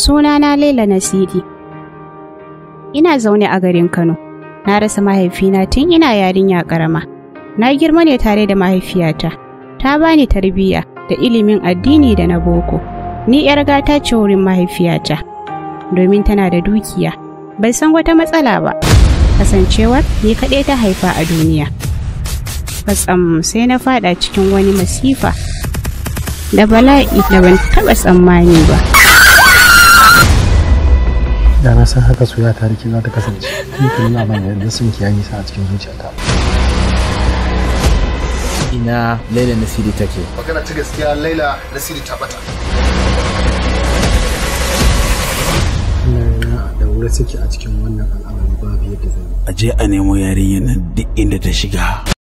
sunana Laila Nasiri. Ina zaune a garin Kano. Na rasa mahaifina tun ina yarinya karama. Na girma ne tare da mahaifiyata. Ta bani tarbiyya da ilimin addini da na boko. Ni yar gata ce wurin mahaifiyata. Domin tana da dukiya. Bai san wata matsala ba. Kasancewar ni kaɗai ta haifa a duniya. Fatsam sai na fada cikin wani masifa da bala'i da ban taɓa tsammani ba. da na san haka soyayya ta rike za ta kasance kuma ina man yadda sun ki yayi sa a cikin zuciyata. ina laila nasiri take magana ta gaskiya laila nasiri ta bata da wuri suke a cikin wannan al'amari babu yadda zai a je a nemo yarinyar nan duk inda ta shiga